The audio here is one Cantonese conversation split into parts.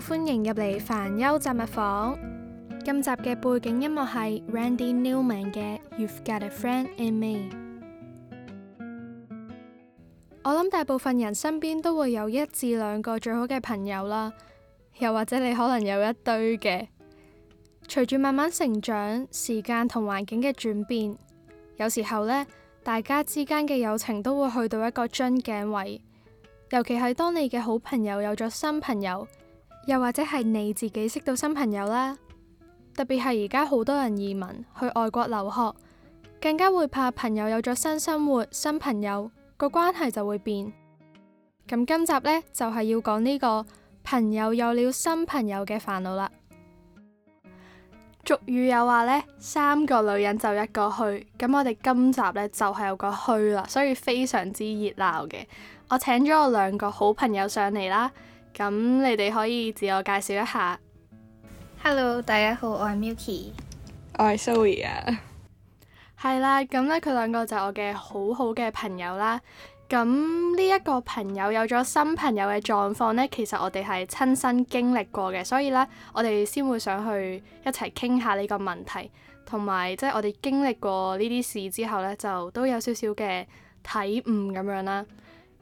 歡迎入嚟煩憂雜物房。今集嘅背景音樂係 Randy Newman、um、嘅《You’ve Got a Friend in Me》。我諗大部分人身邊都會有一至兩個最好嘅朋友啦，又或者你可能有一堆嘅。隨住慢慢成長，時間同環境嘅轉變，有時候呢，大家之間嘅友情都會去到一個樽頸位，尤其係當你嘅好朋友有咗新朋友。又或者係你自己識到新朋友啦，特別係而家好多人移民去外國留學，更加會怕朋友有咗新生活、新朋友個關係就會變。咁今集呢，就係、是、要講呢、這個朋友有了新朋友嘅煩惱啦。俗語有話呢：「三個女人就一個墟」，咁我哋今集呢，就係、是、有個墟啦，所以非常之熱鬧嘅。我請咗我兩個好朋友上嚟啦。咁你哋可以自我介紹一下。Hello，大家好，我係 Milky，我係 Sonia 係 啦，咁咧佢兩個就我嘅好好嘅朋友啦。咁呢一個朋友有咗新朋友嘅狀況咧，其實我哋係親身經歷過嘅，所以咧我哋先會想去一齊傾下呢個問題，同埋即係我哋經歷過呢啲事之後咧，就都有少少嘅體悟咁樣啦。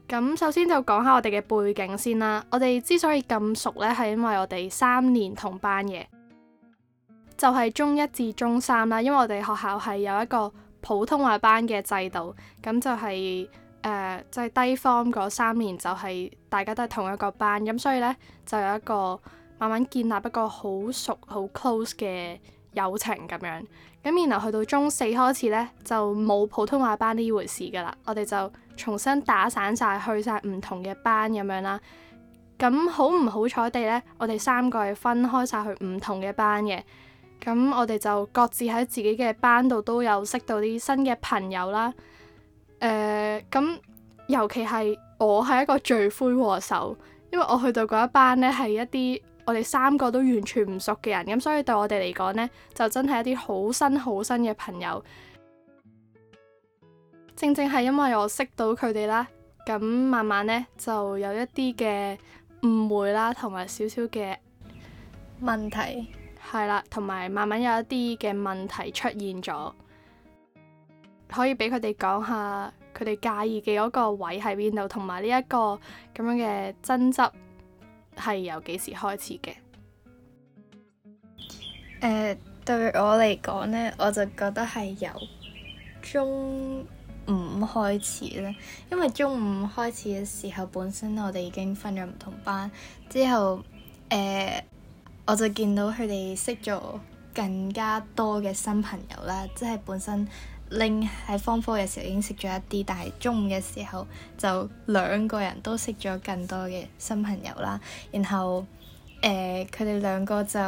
咁首先就講下我哋嘅背景先啦。我哋之所以咁熟呢，係因為我哋三年同班嘅，就係中一至中三啦。因為我哋學校係有一個普通話班嘅制度，咁就係誒、呃，就係低 form 嗰三年就係大家都係同一個班，咁所以呢，就有一個慢慢建立一個好熟好 close 嘅。友情咁樣，咁然後去到中四開始呢，就冇普通話班呢回事噶啦，我哋就重新打散晒，去晒唔同嘅班咁樣啦。咁好唔好彩地呢，我哋三個係分開晒去唔同嘅班嘅。咁我哋就各自喺自己嘅班度都有識到啲新嘅朋友啦。誒、呃，咁尤其係我係一個罪魁禍首，因為我去到嗰一班呢，係一啲我哋三個都完全唔熟嘅人，咁所以對我哋嚟講呢，就真係一啲好新好新嘅朋友。正正係因為我識到佢哋啦，咁慢慢呢，就有一啲嘅誤會啦，同埋少少嘅問題。問題。係啦，同埋慢慢有一啲嘅問題出現咗，可以俾佢哋講下佢哋介意嘅嗰個位喺邊度，同埋呢一個咁樣嘅爭執。係由幾時開始嘅？誒、呃、對我嚟講咧，我就覺得係由中五開始啦，因為中五開始嘅時候，本身我哋已經分咗唔同班，之後誒、呃、我就見到佢哋識咗更加多嘅新朋友啦，即係本身。另喺方科嘅時候已經識咗一啲，但係中午嘅時候就兩個人都識咗更多嘅新朋友啦。然後誒，佢哋兩個就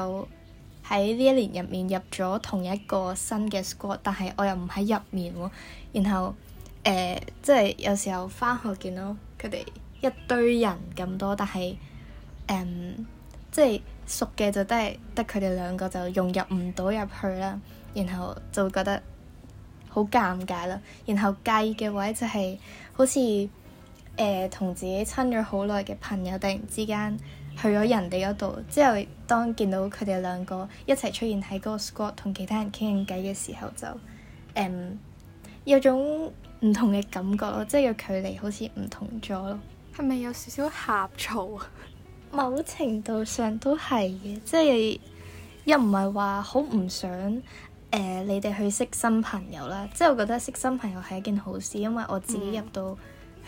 喺呢一年入面入咗同一個新嘅 squad，但係我又唔喺入面喎、哦。然後誒，即、呃、係、就是、有時候返學見到佢哋一堆人咁多，但係誒，即、呃、係、就是、熟嘅就都係得佢哋兩個就融入唔到入去啦。然後就覺得。好尷尬啦，然後介意嘅位就係、是、好似誒同自己親咗好耐嘅朋友突然之間去咗人哋嗰度，之後當見到佢哋兩個一齊出現喺嗰個 squad 同其他人傾偈嘅時候，就誒、呃、有種唔同嘅感覺咯，即係個距離好似唔同咗咯，係咪有少少呷醋啊？ 某程度上都係嘅，即係又唔係話好唔想。誒、呃，你哋去識新朋友啦，即係我覺得識新朋友係一件好事，因為我自己入到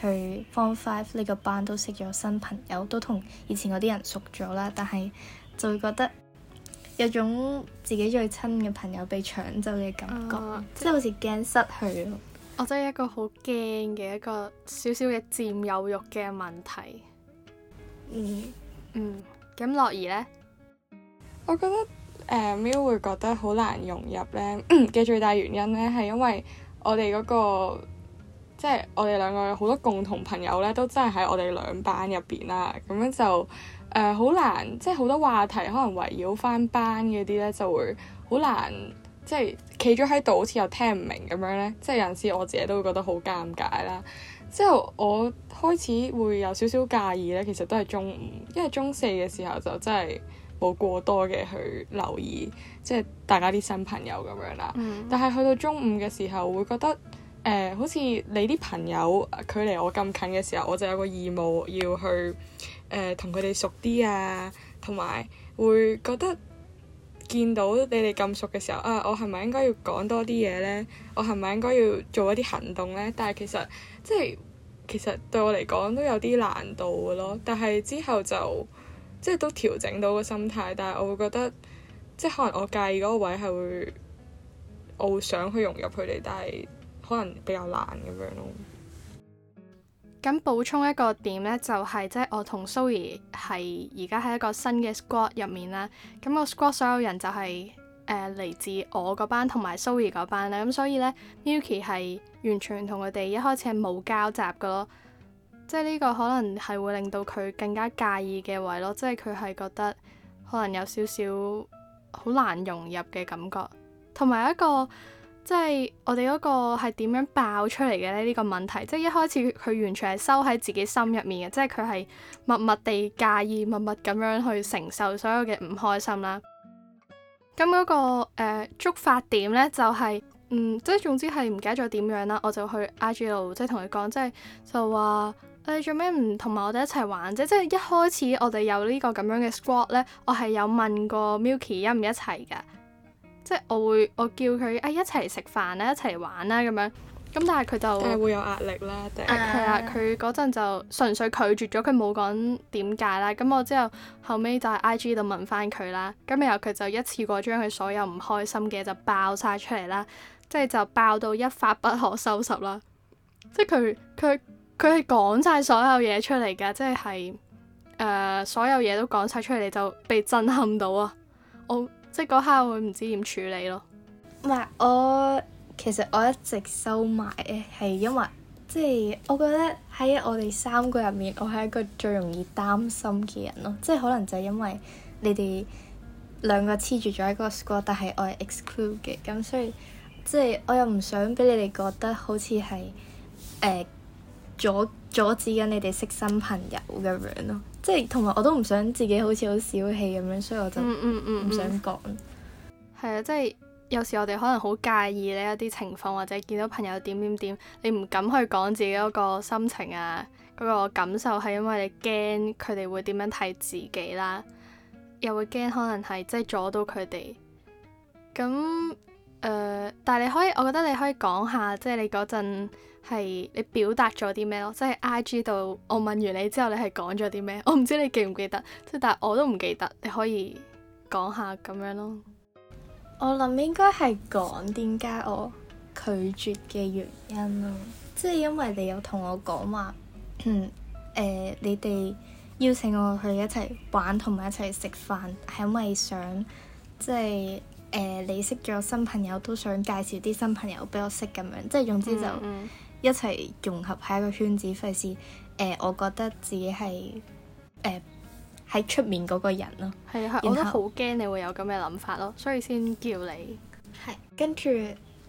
去 Form Five 呢個班都識咗新朋友，都同以前嗰啲人熟咗啦，但係就會覺得有種自己最親嘅朋友被搶走嘅感覺，啊、即係好似驚失去咯。我真係一個好驚嘅一個少少嘅佔有欲嘅問題。嗯嗯，咁、嗯、樂兒呢？我覺得。誒 Milky 會覺得好難融入呢嘅 最大原因呢，係因為我哋嗰、那個即係、就是、我哋兩個好多共同朋友呢，都真係喺我哋兩班入邊啦。咁樣就誒好、呃、難，即係好多話題可能圍繞翻班嗰啲呢，就會好難，即係企咗喺度好似又聽唔明咁樣呢。即係有陣時我自己都會覺得好尷尬啦。之後我開始會有少少介意呢，其實都係中五，因為中四嘅時候就真係。冇過多嘅去留意，即係大家啲新朋友咁樣啦。嗯、但係去到中午嘅時候，會覺得誒、呃，好似你啲朋友距離我咁近嘅時候，我就有個義務要去誒同佢哋熟啲啊，同埋會覺得見到你哋咁熟嘅時候，啊，我係咪應該要講多啲嘢呢？我係咪應該要做一啲行動呢？但係其實即係、就是、其實對我嚟講都有啲難度嘅咯。但係之後就。即係都調整到個心態，但係我會覺得，即係可能我介意嗰個位係會，我會想去融入佢哋，但係可能比較難咁樣咯。咁補充一個點呢，就係，就係即係我同 Zoe 係而家喺一個新嘅 Squad 入面啦。咁個 Squad 所有人就係誒嚟自我嗰班同埋 Zoe 嗰班啦。咁所以呢 Milky 係完全同佢哋一開始係冇交集噶咯。即係呢個可能係會令到佢更加介意嘅位咯，即係佢係覺得可能有少少好難融入嘅感覺，同埋一個即係我哋嗰個係點樣爆出嚟嘅呢？呢、呢個問題，即係一開始佢完全係收喺自己心入面嘅，即係佢係默默地介意、默默咁樣去承受所有嘅唔開心啦。咁嗰、嗰個誒、呃、觸發點咧就係、係，嗯，即係總之係唔記得咗點樣啦，我就去 I G 度即係同佢講，即係就話。誒做咩唔同埋我哋一齊玩啫？即係一開始我哋有這個這呢個咁樣嘅 squad 咧，我係有問過 Milky 一唔一齊㗎，即係我會我叫佢誒一齊食飯啦，一齊玩啦咁樣。咁但係佢就誒會有壓力啦。係啊，佢嗰陣就純粹拒絕咗，佢冇講點解啦。咁我之後後尾就喺 IG 度問翻佢啦。咁然後佢就一次過將佢所有唔開心嘅就爆晒出嚟啦，即係就爆到一發不可收拾啦。即係佢佢。佢係講晒所有嘢出嚟㗎，即係誒、呃、所有嘢都講晒出嚟，就被震撼到啊！我即嗰刻我會唔知點處理咯。唔係我其實我一直收埋誒，係因為即係我覺得喺我哋三個入面，我係一個最容易擔心嘅人咯。即係可能就係因為你哋兩個黐住咗一個 squad，但係我係 exclude 嘅，咁所以即係我又唔想俾你哋覺得好似係誒。呃阻阻止緊你哋識新朋友咁樣咯，即係同埋我都唔想自己好似好小氣咁樣，所以我就唔想講。係啊、 嗯嗯嗯， 即係有時我哋可能好介意呢一啲情況，或者見到朋友點點點，你唔敢去講自己嗰個心情啊嗰、嗰個感受，係因為你驚佢哋會點樣睇自己啦，又會驚可能係即係阻到佢哋咁。誒，uh, 但係你可以，我覺得你可以講下，即係你嗰陣係你表達咗啲咩咯，即係 IG 度我問完你之後，你係講咗啲咩？我唔知你記唔記得，即係但係我都唔記得，你可以講下咁樣咯。我諗應該係講點解我拒絕嘅原因咯，即係因為你有同我講話，誒、 呃，你哋邀請我去一齊玩同埋一齊食飯，係因為想即係。誒、呃，你識咗新朋友都想介紹啲新朋友俾我識咁樣，即係總之就一齊融合喺一,一個圈子。費事誒，我覺得自己係誒喺出面嗰個人咯。係啊的，然後我都好驚你會有咁嘅諗法咯，所以先叫你係跟住，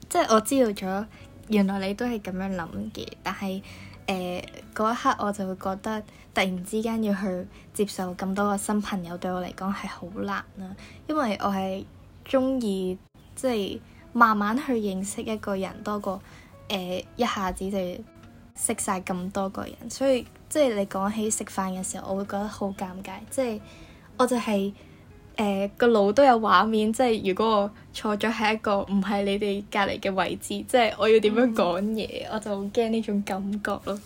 即係我知道咗原來你都係咁樣諗嘅。但係誒嗰一刻我就會覺得突然之間要去接受咁多個新朋友，對我嚟講係好難啦，因為我係。中意即係慢慢去認識一個人多過誒、呃、一下子就識晒咁多個人，所以即係你講起食飯嘅時候，我會覺得好尷尬，即係我就係誒個腦都有畫面，即係如果我坐咗喺一個唔係你哋隔籬嘅位置，嗯、即係我要點樣講嘢，我就好驚呢種感覺咯。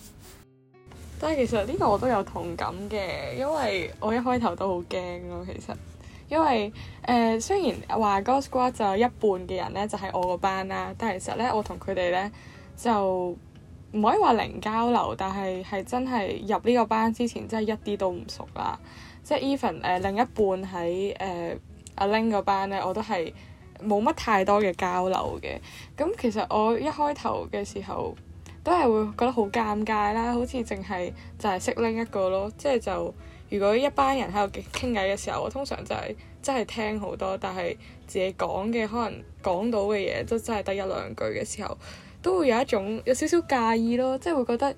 但係其實呢個我都有同感嘅，因為我一開頭都好驚咯，其實。因為誒、呃、雖然話 girl squad 就一半嘅人咧就係、是、我個班啦，但係其實咧我同佢哋咧就唔可以話零交流，但係係真係入呢個班之前真係、就是、一啲都唔熟啦。即係 even 誒另一半喺誒阿、呃啊、Ling 個班咧，我都係冇乜太多嘅交流嘅。咁其實我一開頭嘅時候都係會覺得好尷尬啦，好似淨係就係識 Ling 一個咯，即係就。如果一班人喺度傾偈嘅時候，我通常就係真係聽好多，但係自己講嘅可能講到嘅嘢都真係得一兩句嘅時候，都會有一種有少少介意咯，即係會覺得，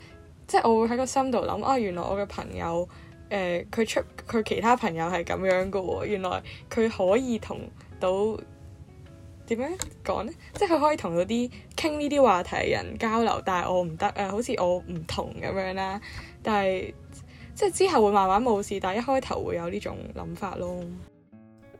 即係我會喺個心度諗啊，原來我嘅朋友誒佢、呃、出佢其他朋友係咁樣㗎喎，原來佢可以同到點樣講呢？即係佢可以同到啲傾呢啲話題人交流，但係我唔得啊，好似我唔同咁樣啦，但係。即係之後會慢慢冇事，但係一開頭會有呢種諗法咯。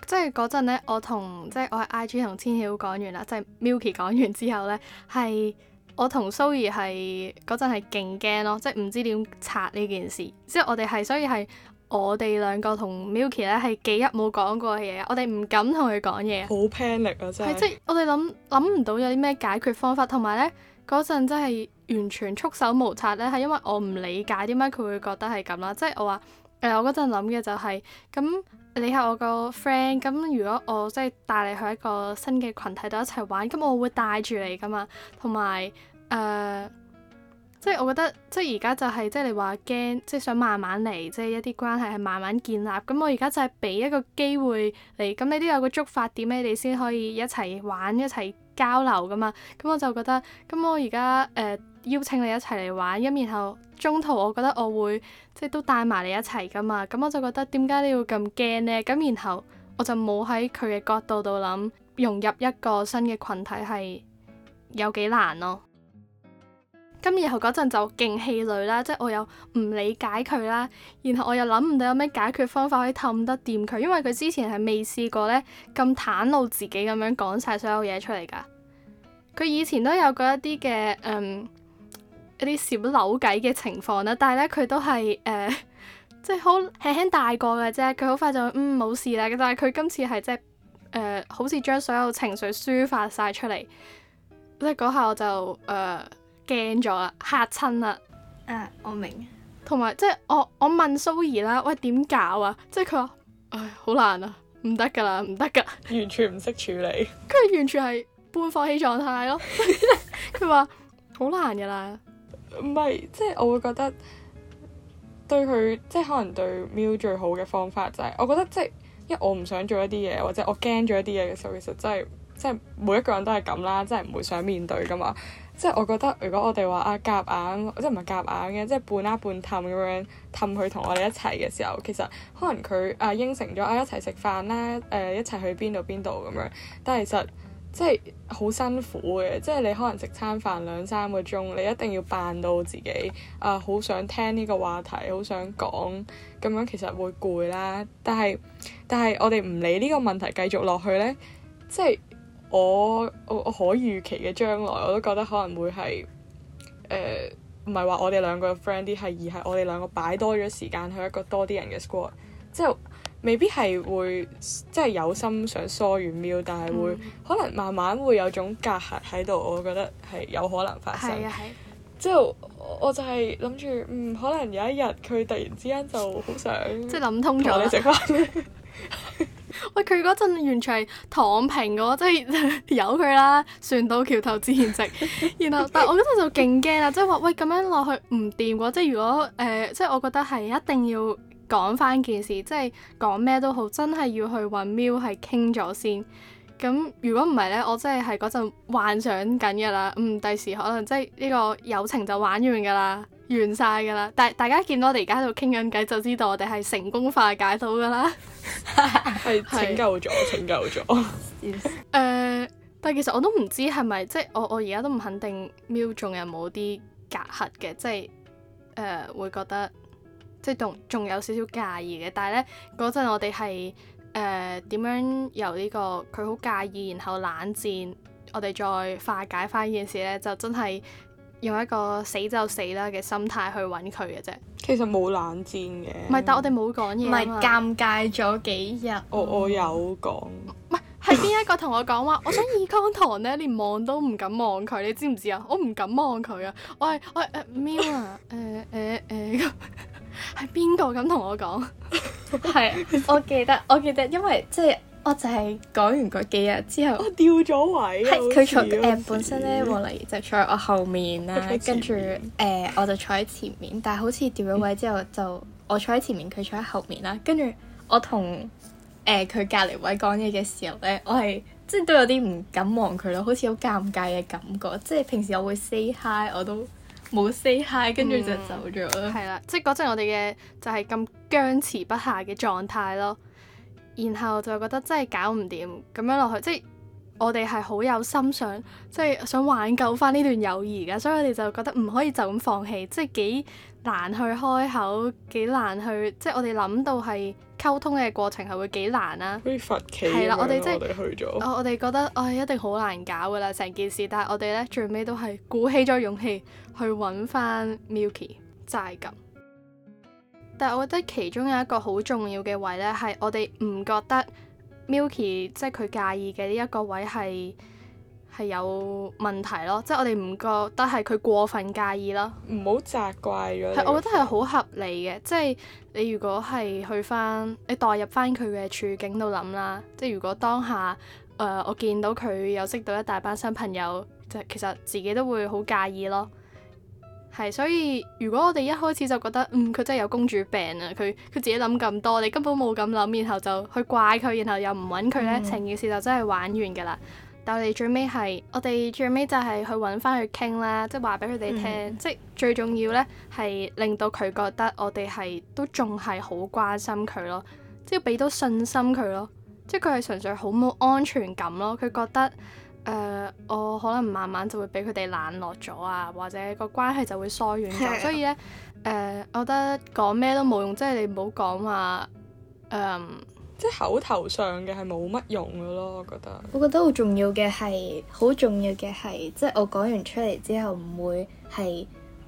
即係嗰陣呢，就是、我同即係我喺 IG 同千曉講完啦，即、就、係、是、Milky 講完之後呢，係我同 Zoe 係嗰陣係勁驚咯，即係唔知點拆呢件事。即係我哋係所以係我哋兩個同 Milky 呢咧係幾日冇講過嘢，我哋唔敢同佢講嘢。好 panic 啊！真係，即係我哋諗諗唔到有啲咩解決方法，同埋呢嗰陣真係。完全束手無策咧，係因為我唔理解點解佢會覺得係咁啦。即係我話，誒我嗰陣諗嘅就係，咁你係我個 friend，咁如果我即係帶你去一個新嘅群體度一齊玩，咁我會帶住你噶嘛。同埋誒，即係我覺得，即係而家就係即係你話驚，即係想慢慢嚟，即係一啲關係係慢慢建立。咁我而家就係俾一個機會你，咁你都有個觸發點，你哋先可以一齊玩一齊交流噶嘛。咁我就覺得，咁我而家誒，呃邀請你一齊嚟玩，咁然後中途我覺得我會即係都帶埋你一齊噶嘛，咁我就覺得點解你要咁驚呢？咁然後我就冇喺佢嘅角度度諗融入一個新嘅群體係有幾難咯。咁 然後嗰陣就勁氣餒啦，即係我又唔理解佢啦，然後我又諗唔到有咩解決方法可以氹得掂佢，因為佢之前係未試過呢咁坦露自己咁樣講晒所有嘢出嚟噶。佢以前都有過一啲嘅嗯。一啲小扭計嘅情況啦，但係咧佢都係誒、呃，即係好輕輕大過嘅啫，佢好快就嗯冇事啦。但係佢今次係即係誒，好似將所有情緒抒發晒出嚟，即係嗰下我就誒驚咗啦，吓親啦。誒、啊，我明。同埋即係我我問 Zoe 啦，喂，點搞啊？即係佢話唉，好難啊，唔得噶啦，唔得噶，完全唔識處理。跟住完全係半放棄狀態咯。佢話好難噶啦。唔係，即係我會覺得對佢，即係可能對 Miu 最好嘅方法就係、是，我覺得即係，因為我唔想做一啲嘢，或者我驚咗一啲嘢嘅時候，其實真、就、係、是，即係每一個人都係咁啦，真係唔會想面對㗎嘛。即係我覺得，如果我哋話啊夾硬，即係唔係夾硬嘅，即係半拉半氹咁樣氹佢同我哋一齊嘅時候，其實可能佢、呃、啊應承咗啊一齊食飯啦，誒、呃、一齊去邊度邊度咁樣，但係其實。即係好辛苦嘅，即係你可能食餐飯兩三個鐘，你一定要扮到自己啊，好想聽呢個話題，好想講咁樣，其實會攰啦。但係但係我哋唔理呢個問題繼續落去呢，即係我我，我可預期嘅將來，我都覺得可能會係誒，唔係話我哋兩個 friend 啲，係而係我哋兩個擺多咗時間去一個多啲人嘅 group，即係。未必係會即係有心想疏遠喵，但係會、嗯、可能慢慢會有種隔閡喺度，我覺得係有可能發生。係啊係。之後我，我就係諗住，嗯，可能有一日佢突然之間就好想即係諗通咗，你食翻。 喂，佢嗰陣完全係躺平嘅喎，即係由佢啦，船到橋頭自然直。 然後，但係我嗰陣就勁驚啊，即係話喂咁樣落去唔掂喎，即係如果誒，呃，即係我覺得係一定要。講翻件事，即係講咩都好，真係要去揾 Milky 係傾咗先。咁如果唔係咧，我真係係嗰陣幻想緊噶啦。嗯，第時可能即係呢個友情就玩完噶啦，完晒噶啦。但大家見到我哋而家喺度傾緊偈，就知道我哋係成功化解到噶啦，係 是拯救咗，拯救咗。誒 Yes.、呃，但其實我都唔知係咪，即係我我而家都唔肯定 Milky 仲有冇啲隔閡嘅，即係誒、呃、會覺得。即係仲仲有少少介意嘅，但係咧嗰陣我哋係誒點樣由呢、這個佢好介意，然後冷戰，我哋再化解翻呢件事咧，就真係用一個死就死啦嘅心態去揾佢嘅啫。其實冇冷戰嘅，唔係，但係我哋冇講嘢，唔係尷尬咗幾日，我我有講，唔係喺邊一個同我講話， 我想二康堂咧，連望都唔敢望佢，你知唔知啊？我唔敢望佢啊！我係我係誒 Milky 誒誒誒。係邊個咁同我講？係， 我記得，我記得，因為即係，我就係講完嗰幾日之後，我掉咗位。係佢坐誒，呃、像本身咧 Milky 就坐喺我後面啦，跟住誒，我就坐喺前面。但係好似掉咗位之後就，就、嗯、我坐喺前面，佢坐喺後面啦。跟住我同誒佢隔籬位講嘢嘅時候咧，我係即係都有啲唔敢望佢咯，好似好尷尬嘅感覺。即係平時我會 say hi，我都。冇 say hi，跟住就走咗。係啦、嗯，即係嗰陣我哋嘅就係、是、咁僵持不下嘅狀態咯。然後就覺得真係搞唔掂咁樣落去，即係我哋係好有心想，即係想挽救返呢段友誼嘅，所以我哋就覺得唔可以就咁放棄，即係幾，難去開口，幾難去，即係我哋諗到係溝通嘅過程係會幾難、啊、啦。好似罰企咁咯，我哋去咗。我哋覺得，我、哎、一定好難搞噶啦，成件事。但係我哋咧最尾都係鼓起咗勇氣去揾翻 Milky，就係咁。但係我覺得其中有一個好重要嘅位咧，係我哋唔覺得 Milky 即係佢介意嘅呢一個位係。係有問題咯，即係我哋唔覺得，但係佢過分介意咯。唔好責怪咗。係，我覺得係好合理嘅，即係、 就是、你如果係去翻，你代入翻佢嘅處境度諗啦。即係如果當下，誒、呃、我見到佢又識到一大班新朋友，就其實自己都會好介意咯。係，所以如果我哋一開始就覺得，嗯，佢真係有公主病啊，佢佢自己諗咁多，你根本冇咁諗，然後就去怪佢，然後又唔揾佢咧，成件、嗯嗯、事就真係玩完㗎啦。但我哋最尾係，我哋最尾就係去搵翻佢傾啦，即係話俾佢哋聽，嗯、即係最重要咧係令到佢覺得我哋係都仲係好關心佢咯，即係俾到信心佢咯，即係佢係純粹好冇安全感咯，佢覺得誒、呃、我可能慢慢就會俾佢哋冷落咗啊，或者個關係就會疏遠咗，的所以咧誒、呃，我覺得講咩都冇用，即、就、係、是、你唔好講話誒。呃即口頭上嘅係冇乜用嘅咯，我覺得。我覺得好重要嘅係，好重要嘅係，即我講完出嚟之後唔會係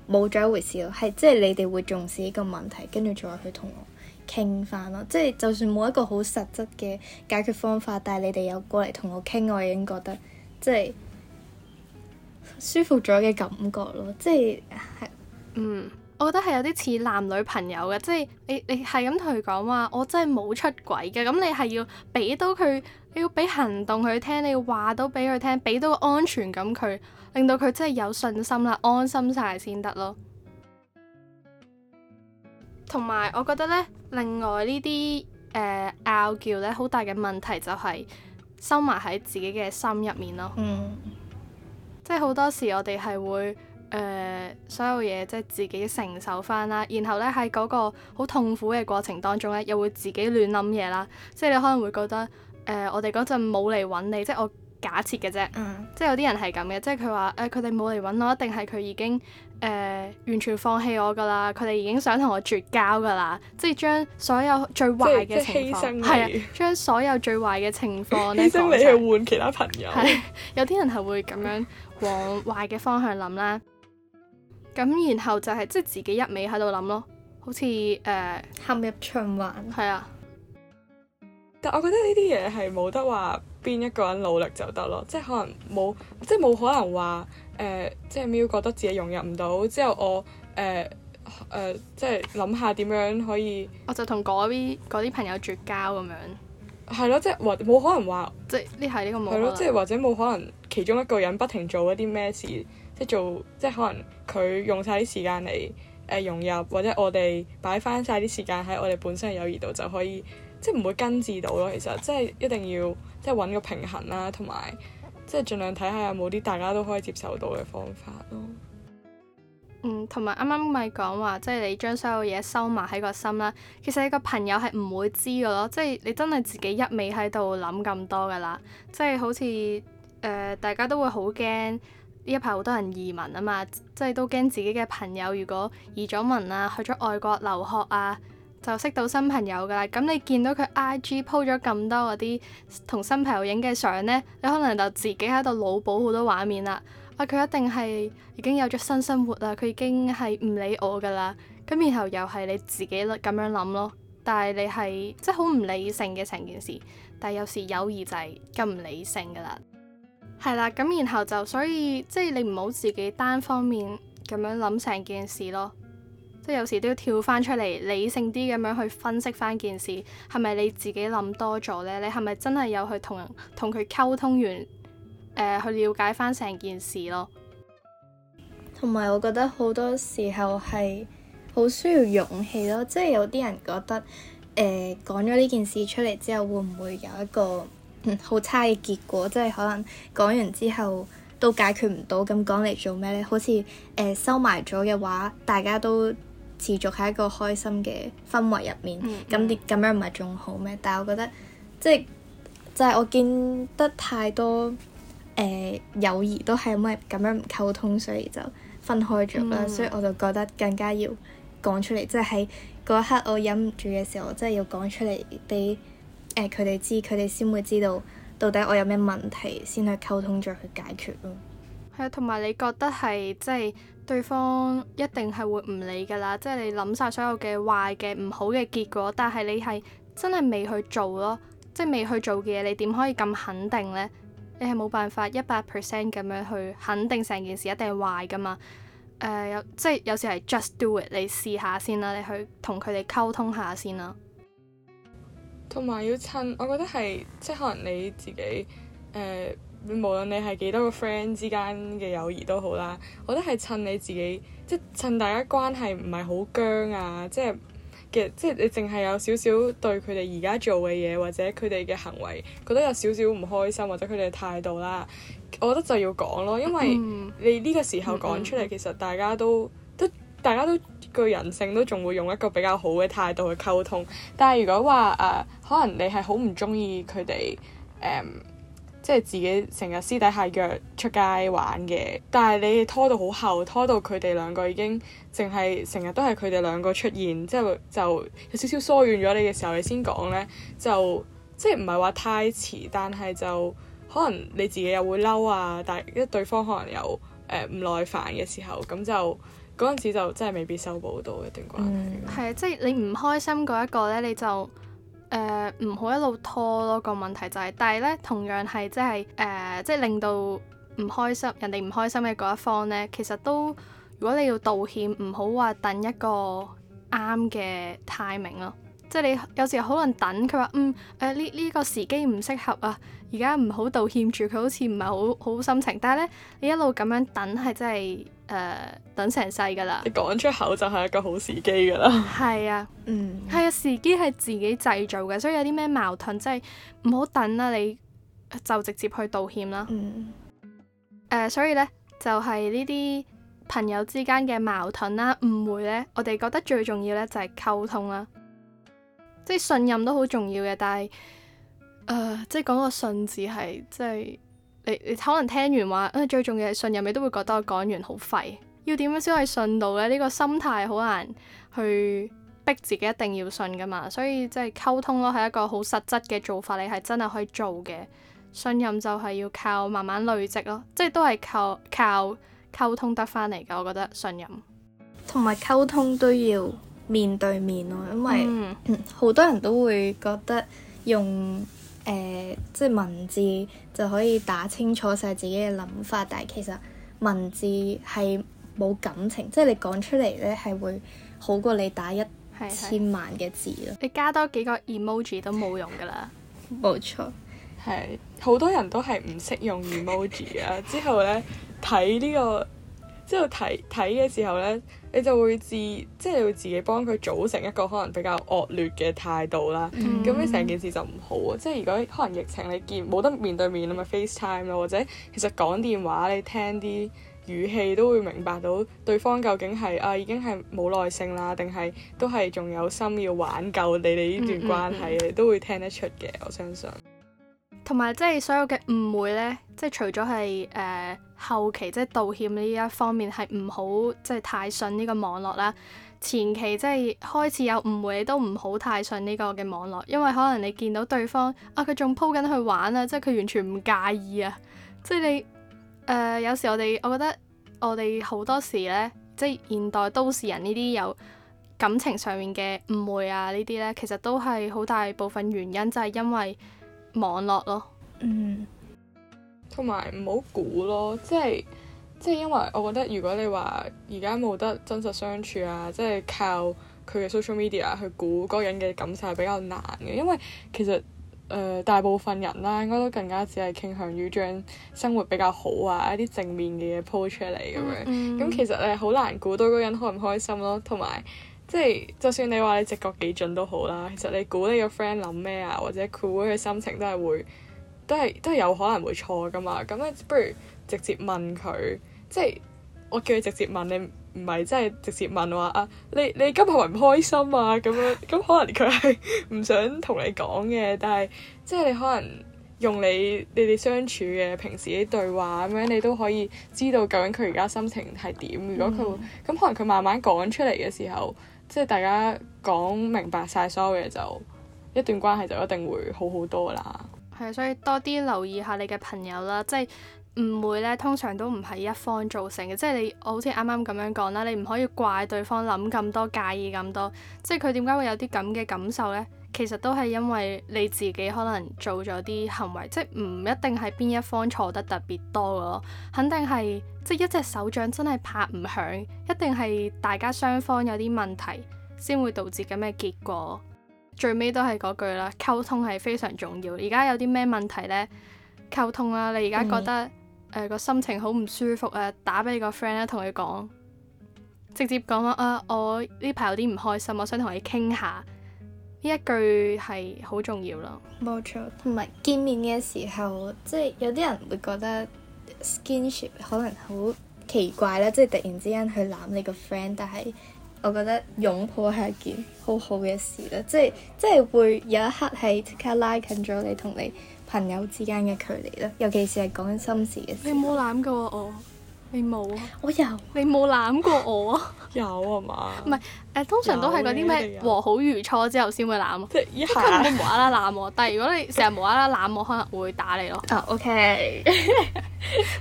冇咗一回事咯，係即你哋會重視呢個問題，跟住再去同我傾返咯。即就算冇一個好實質嘅解決方法，但係你哋有過嚟同我傾，我已經覺得即係舒服咗嘅感覺咯。即係，嗯。我覺得係有啲似男女朋友嘅，即係你你係咁同佢講話，我真係冇出軌嘅，咁你係要俾到佢，你要俾行動佢聽，你要話到俾佢聽，俾到個安全感佢，令到佢真係有信心啦，安心晒先得咯。同埋我覺得咧，另外、呃、呢啲誒拗撬咧，好大嘅問題就係收埋喺自己嘅心入面咯。嗯、即係好多時我哋係會。誒、呃、所有嘢即係自己承受翻啦，然後咧喺嗰個好痛苦嘅過程當中咧，又會自己亂諗嘢啦。即係你可能會覺得誒、呃，我哋嗰陣冇嚟揾你，即係我假設嘅啫。嗯。即係有啲人係咁嘅，即係佢話誒，佢哋冇嚟揾我，一定係佢已經誒、呃、完全放棄我噶啦，佢哋已經想同我絕交噶啦。即係將所有最壞嘅情況，係啊，將所有最壞嘅情況。 犧牲你去換其他朋友。係 有啲人係會咁樣往壞嘅方向諗啦。咁然後就係、是、即係自己一味喺度諗咯，好似誒、呃、陷入循環。係啊，但我覺得呢啲嘢係冇得話邊一個人努力就得咯，即係可能冇即係冇可能話誒、呃，即係 Milky 覺得自己融入唔到之後我，我誒誒即係諗下點樣可以，我就同嗰啲啲朋友絕交咁樣。係咯，即係或冇可能話即係呢？係呢個冇。係咯，即係或者冇可能其中一個人不停做一啲咩事。即做即可能佢用晒啲時間嚟誒、呃、融入，或者我哋擺翻晒啲時間喺我哋本身嘅友誼度，就可以即唔會根治到咯。其實即係一定要即揾個平衡啦，同埋即盡量睇下有冇啲大家都可以接受到嘅方法咯。嗯，同埋啱啱咪講話，即你將所有嘢收埋喺個心啦。其實你個朋友係唔會知噶咯。即你真係自己一味喺度諗咁多噶啦。即好似誒、呃，大家都會好驚。呢一排好多人移民啊嘛，即係都驚自己嘅朋友如果移咗民啊，去咗外國留學啊，就識到新朋友㗎啦。咁你見到佢 IG 鋪咗咁多嗰啲同新朋友影嘅相呢，你可能就自己喺度腦補好多畫面啦。啊，佢一定係已經有咗新生活啦，佢已經係唔理我㗎啦。咁然後又係你自己咁樣諗咯。但係你係即係好唔理性嘅成件事。但係有時友誼就係咁唔理性㗎啦。係啦，咁然後就所以即係你唔好自己單方面咁樣諗成件事咯，即係有時都要跳翻出嚟理性啲咁樣去分析翻件事，係咪你自己諗多咗呢？你係咪真係有去同同佢溝通完？呃，去了解翻成件事咯。同埋我覺得好多時候係好需要勇氣咯，即係有啲人覺得誒講咗呢件事出嚟之後，會唔會有一個？好差嘅結果，即係可能講完之後都解決唔到，咁講嚟做咩呢？好似誒收埋咗嘅話，大家都持續喺一個開心嘅氛圍入面，咁啲咁樣唔係仲好咩？但係我覺得即係就係、是、我見得太多誒、呃、友誼都係因為咁樣唔溝通，所以就分開咗啦。嗯嗯，所以我就覺得更加要講出嚟，即係嗰一刻我忍唔住嘅時候，我真係要講出嚟俾。誒，佢哋知，佢哋先會知道到底我有咩問題，先去溝通再去解決咯。係啊，同埋你覺得係即係對方一定係會唔理噶啦，即係你諗晒所有嘅壞嘅唔好嘅結果，但係你係真係未去做咯，即係未去做嘅嘢，你點可以咁肯定呢？你係冇辦法一百 percent 咁樣去肯定成件事一定係壞噶嘛？誒，有即係有時係 just do it，你試下先啦，你去同佢哋溝通下先啦。同埋要趁，我覺得係即係可能你自己誒、呃，無論你係幾多個 friend 之間嘅友誼都好啦，我覺得係趁你自己，即係趁大家關係唔係好僵啊，即係嘅，即係你淨係有少少對佢哋而家做嘅嘢或者佢哋嘅行為覺得有少少唔開心或者佢哋嘅態度啦，我覺得就要講咯，因為你呢個時候講出嚟，嗯嗯，其實大家都都大家都，個人性都仲會用一個比較好嘅態度去溝通，但係如果話，誒、呃、可能你係好唔中意佢哋誒，即係自己成日私底下約出街玩嘅，但係你拖到好後，拖到佢哋兩個已經淨係成日都係佢哋兩個出現，即係就有少少疏遠咗你嘅時候，你先講咧，就即係唔係話太遲，但係就可能你自己又會嬲啊，但係一對方可能有誒唔、呃、耐煩嘅時候，咁就。嗰陣時就真係未必修補到一段關係。係啊、嗯，即係你唔開心嗰一個咧，你就誒唔好一路拖咯。個問題就係、是，但係咧，同樣係即係誒，即係令到唔開心、人哋唔開心嘅嗰一方咧，其實都如果你要道歉，唔好話等一個啱嘅 timing 咯。即係你有時可能等佢話嗯誒呢呢個時機唔適合啊，而家唔好道歉住佢，好似唔係好好心情。但係咧，你一路咁樣等係真係。誒，uh, 等成世噶啦！你講出口就係一個好時機噶啦，係 啊，嗯，係啊，時機係自己製造嘅，所以有啲咩矛盾，即係唔好等啦，你就直接去道歉啦。嗯，mm. uh, 所以呢，就係呢啲朋友之間嘅矛盾啦、啊、誤會呢，我哋覺得最重要呢就係溝通啦、啊。即係信任都好重要嘅，但係，誒、uh,，即係講個信字係即係。你你可能聽完話，誒最重要係信任，你都會覺得講完好廢，要點樣先可以信到呢？呢、呢個心態好難去逼自己一定要信噶嘛，所以即係、就是、溝通咯，係一個好實質嘅做法，你係真係可以做嘅。信任就係要靠慢慢累積咯，即係都係靠靠，靠溝通得翻嚟嘅。我覺得信任同埋溝通都要面對面咯，因為好、嗯嗯、多人都會覺得用。誒、呃，即係文字就可以打清楚晒自己嘅諗法，但係其實文字係冇感情，即係你講出嚟咧係會好過你打一千萬嘅字咯。係係，你加多幾個 emoji 都冇用噶啦，冇錯，係好多人都係唔識用 emoji 啊。 之後咧睇呢、呢個，之後睇睇嘅時候咧。你就會自即係你會自己幫佢組成一個可能比較惡劣嘅態度啦。咁你成件事就唔好啊！即係如果可能疫情你見冇得面對面，咪 FaceTime 咯，或者其實講電話你聽啲語氣都會明白到對方究竟係啊已經係冇耐性啦，定係都係仲有心要挽救你哋呢段關係嘅，mm hmm. 你都會聽得出嘅，我相信。同埋即係所有嘅誤會呢，即係除咗係誒後期即係道歉呢一方面係唔好即係太信呢個網絡啦。前期即係開始有誤會，都唔好太信呢個嘅網絡，因為可能你見到對方啊，佢仲 po 緊去玩啊，即係佢完全唔介意啊。即係你誒、呃、有時我哋，我覺得我哋好多時呢，即係現代都市人呢啲有感情上面嘅誤會啊，呢啲呢，其實都係好大部分原因，就係、是、因為。網絡咯，嗯，同埋唔好估咯，即係即係，因為我覺得如果你話而家冇得真實相處啊，即係靠佢嘅 social media 去估嗰個人嘅感受係比較難嘅，因為其實誒、呃、大部分人啦、啊，應該都更加只係傾向於將生活比較好啊一啲正面嘅嘢鋪出嚟咁樣，咁、嗯嗯、其實你好難估到嗰個人開唔開心咯，同埋。即係，就算你話你直覺幾準都好啦。其實你估你個 friend 諗咩啊，或者佢會佢心情都係會都係都係有可能會錯噶嘛。咁咧，不如直接問佢。即係我叫佢直接問你，唔係真係直接問話啊。你你今日係唔開心啊？咁樣咁可能佢係唔想同你講嘅，但係即係你可能用你你哋相處嘅平時啲對話咁樣，你都可以知道究竟佢而家心情係點。如果佢咁、嗯、可能佢慢慢講出嚟嘅時候。即係大家講明白晒所有嘢，就一段關係就一定會好好多啦。係啊，所以多啲留意下你嘅朋友啦。即係誤會呢，通常都唔係一方造成嘅。即係你，我好似啱啱咁樣講啦，你唔可以怪對方諗咁多、介意咁多。即係佢點解會有啲咁嘅感受呢？其實都係因為你自己可能做咗啲行為，即係唔一定係邊一方錯得特別多咯，肯定係即係一隻手掌真係拍唔響，一定係大家雙方有啲問題先會導致咁嘅結果。最尾都係嗰句啦，溝通係非常重要。而家有啲咩問題呢？溝通啊，你而家覺得誒個、mm hmm. 呃、心情好唔舒服啊，打俾你個 friend 咧，同佢講，直接講話啊，我呢排有啲唔開心，我想同你傾下。呢一句係好重要咯，冇錯。同埋見面嘅時候，即係有啲人會覺得 skinship 可能好奇怪啦，即係突然之間去攬你個 friend，但係我覺得擁抱係一件好好嘅事啦。即係即係會有一刻係即刻拉近咗你同你朋友之間嘅距離啦，尤其是係講緊心事嘅時候。你有冇攬過啊，我。你冇啊？我有。你冇攬過我啊？有啊嘛？唔係誒，通常都係嗰啲咩和好如初之後先會攬，即係以後佢唔會無啦啦攬我，但係如果你成日無啦啦攬我，可能會打你咯。啊，OK。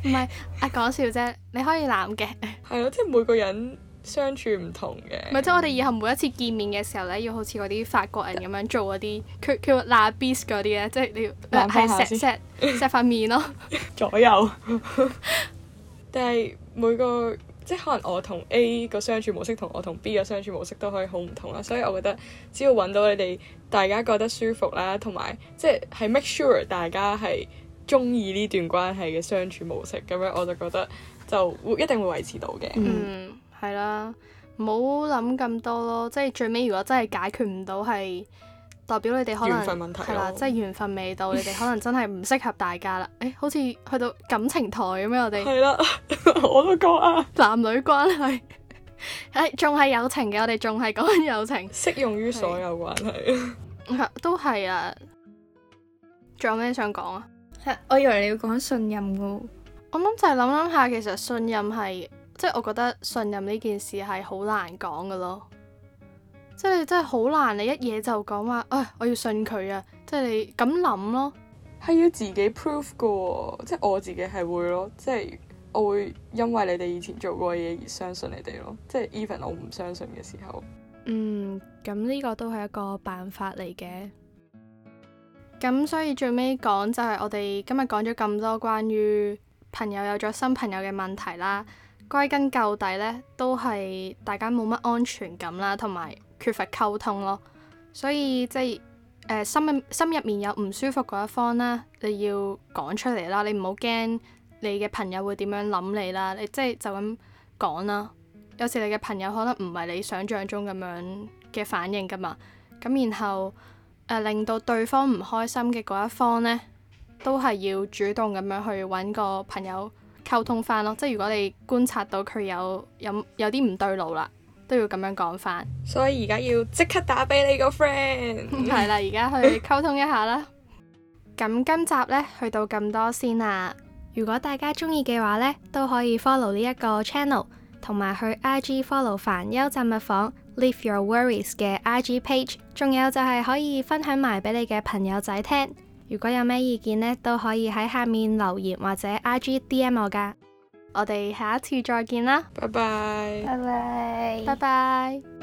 唔係啊，講笑啫，你可以攬嘅。係咯，即係每個人相處唔同嘅。唔係，即係我哋以後每一次見面嘅時候咧，要好似嗰啲法國人咁樣做嗰啲，佢佢話 la bise 嗰啲咧，即係你要係錫錫錫塊面咯。左右。但係每個即係可能我同 A 個相處模式同我同 B 個相處模式都可以好唔同啦，所以我覺得只要揾到你哋大家覺得舒服啦，同埋即係 make sure 大家係鍾意呢段關係嘅相處模式咁樣，我就覺得就會一定會維持到嘅。嗯，係啦，唔好諗咁多咯，即係最尾如果真係解決唔到係。代表你哋可能係啦、啊啊，即係緣分未到，你哋可能真係唔適合大家啦。誒、欸，好似去到感情台咁樣，我哋係啦，我都講啊，男女關係，誒，仲係友情嘅，我哋仲係講緊友情，適用於所有關係、啊，都係啊。仲有咩想講啊？我以為你要講信任喎、啊，我諗就係諗諗下，其實信任係，即、就、係、是、我覺得信任呢件事係好難講㗎咯。即係真係好難，你一嘢就講話，誒，我要信佢啊！即係你咁諗咯，係要自己 proof 嘅，即係我自己係會咯，即係我會因為你哋以前做過嘅嘢而相信你哋咯。即係 even 我唔相信嘅時候，嗯，咁呢個都係一個辦法嚟嘅。咁所以最尾講就係我哋今日講咗咁多關於朋友有咗新朋友嘅問題啦，歸根究底呢，都係大家冇乜安全感啦，同埋。缺乏溝通咯，所以即係誒、呃、心入心入面有唔舒服嗰一方啦，你要講出嚟啦，你唔好驚你嘅朋友會點樣諗你啦，你即係就咁講啦。有時你嘅朋友可能唔係你想像中咁樣嘅反應㗎嘛，咁然後誒、呃、令到對方唔開心嘅嗰一方咧，都係要主動咁樣去揾個朋友溝通返咯，即係如果你觀察到佢有有有啲唔對路啦。都要咁樣講翻，所以而家要即刻打俾你個 friend，係啦， 而家去溝通一下啦。咁 今集呢，去到咁多先啦。如果大家中意嘅話呢，都可以，fo 以 follow 呢一個 channel，同埋去 IG follow 煩憂雜物房 Leave Your Worries 嘅 IG page。仲有就係可以分享埋俾你嘅朋友仔聽。如果有咩意見呢，都可以喺下面留言或者 IG DM 我噶。我哋下一次再見啦，拜拜，拜拜，拜拜。